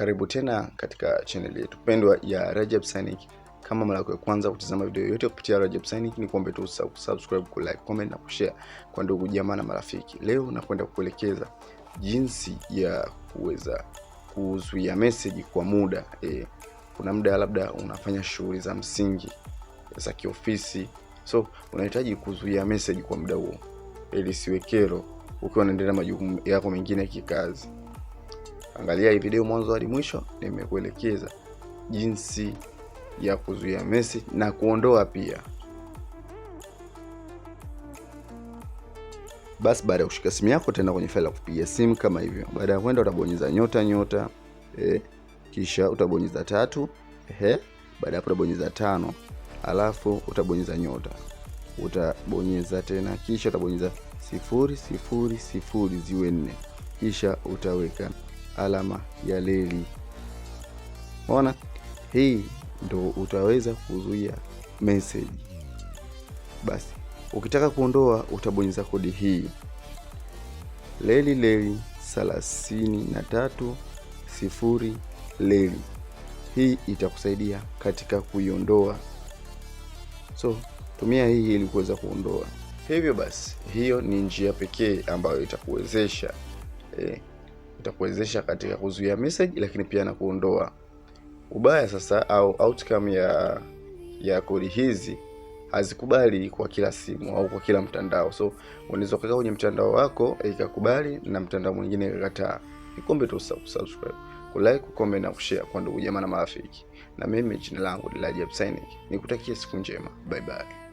Karibu tena katika channel yetu pendwa ya Rajab Synic. Kama mara ya kwanza kutazama video yote kupitia Rajab Synic, ni kuombe tu subscribe, ku like, comment na kushare kwa ndugu jamaa na marafiki. Leo nakwenda kukuelekeza jinsi ya kuweza kuzuia message kwa muda e, kuna muda labda unafanya shughuli za msingi za kiofisi, so unahitaji kuzuia message kwa muda huo ili siwe kero ukiwa unaendelea majukumu yako mengine ya kikazi. Angalia hii video mwanzo hadi mwisho, nimekuelekeza jinsi ya kuzuia message na kuondoa pia. Basi baada ya kushika simu yako, utaenda kwenye faili ya kupiga simu kama hivyo. Baada ya kwenda, utabonyeza nyota nyota eh, kisha utabonyeza tatu ehe. Baada ya hapo, utabonyeza tano alafu utabonyeza nyota, utabonyeza tena, kisha utabonyeza sifuri sifuri sifuri ziwe nne, kisha utaweka alama ya reli. Ona, hii ndo utaweza kuzuia message. Basi ukitaka kuondoa utabonyeza kodi hii leli leli thelathini na tatu sifuri leli. Hii itakusaidia katika kuiondoa, so tumia hii ili kuweza kuondoa. Hivyo basi, hiyo ni njia pekee ambayo itakuwezesha eh, itakuwezesha katika kuzuia message, lakini pia na kuondoa ubaya. Sasa au outcome ya ya kodi hizi hazikubali kwa kila simu au kwa kila mtandao, so unaweza kuweka kwenye mtandao wako ikakubali na mtandao mwingine ikakataa. Nikombe tu subscribe, ku like, ku comment na kushare kwa ndugu jamaa na marafiki, na mimi jina langu ni Rajab Synic, nikutakia siku njema, bye bye.